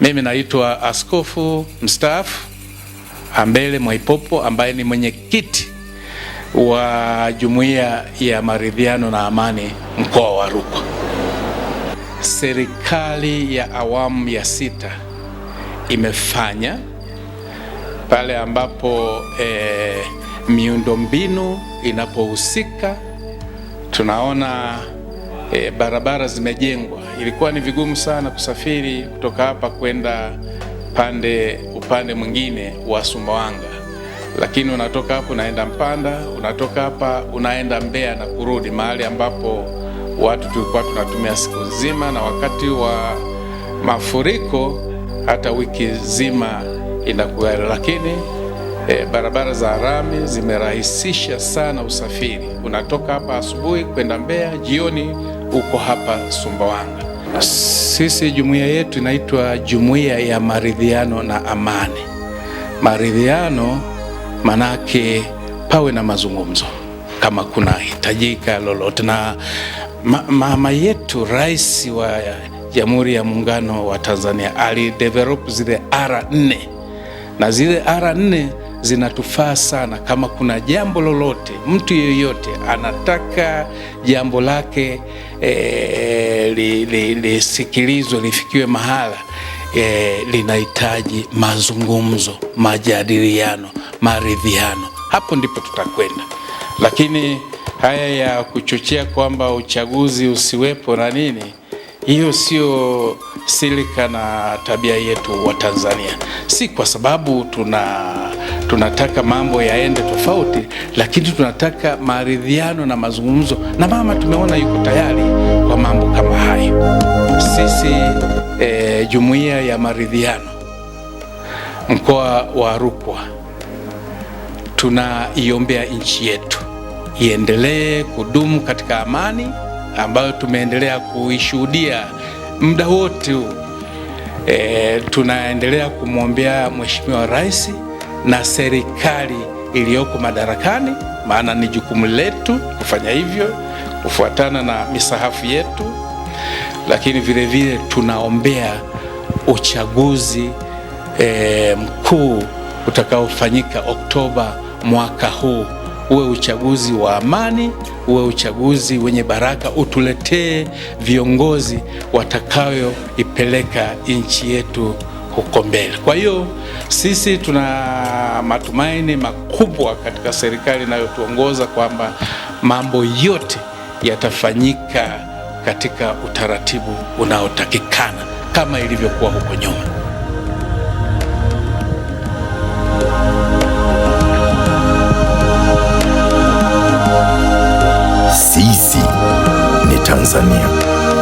Mimi naitwa askofu mstaafu Ambele Mwaipopo ambaye ni mwenyekiti wa jumuiya ya maridhiano na amani mkoa wa Rukwa. Serikali ya awamu ya sita imefanya pale ambapo e, miundombinu inapohusika tunaona e, barabara zimejengwa. Ilikuwa ni vigumu sana kusafiri kutoka hapa kwenda pande upande mwingine wa Sumbawanga, lakini unatoka hapa unaenda Mpanda, unatoka hapa unaenda Mbeya na kurudi, mahali ambapo watu tulikuwa tunatumia siku nzima, na wakati wa mafuriko hata wiki nzima inakuwa. Lakini e, barabara za rami zimerahisisha sana usafiri. Unatoka hapa asubuhi kwenda Mbeya, jioni uko hapa Sumbawanga. Sisi jumuiya yetu inaitwa Jumuiya ya Maridhiano na Amani. Maridhiano manake pawe na mazungumzo kama kuna hitajika lolote, na ma mama yetu rais wa Jamhuri ya Muungano wa Tanzania alidevelop zile R 4 na zile R 4 zinatufaa sana. Kama kuna jambo lolote, mtu yeyote anataka jambo lake e, eh, lisikilizwe li, li, lifikiwe mahala e, linahitaji mazungumzo, majadiliano, maridhiano. Hapo ndipo tutakwenda, lakini haya ya kuchochea kwamba uchaguzi usiwepo na nini, hiyo sio silika na tabia yetu wa Tanzania, si kwa sababu tuna tunataka mambo yaende tofauti, lakini tunataka maridhiano na mazungumzo, na mama tumeona yuko tayari kwa mambo kama hayo. Sisi e, jumuiya ya maridhiano mkoa wa Rukwa tunaiombea nchi yetu iendelee kudumu katika amani ambayo tumeendelea kuishuhudia Muda wote huu e, tunaendelea kumwombea Mheshimiwa Rais na serikali iliyoko madarakani, maana ni jukumu letu kufanya hivyo kufuatana na misahafu yetu, lakini vile vile tunaombea uchaguzi e, mkuu utakaofanyika Oktoba mwaka huu uwe uchaguzi wa amani, uwe uchaguzi wenye baraka, utuletee viongozi watakayoipeleka nchi yetu huko mbele. Kwa hiyo sisi tuna matumaini makubwa katika serikali inayotuongoza kwamba mambo yote yatafanyika katika utaratibu unaotakikana kama ilivyokuwa huko nyuma. 唱三年。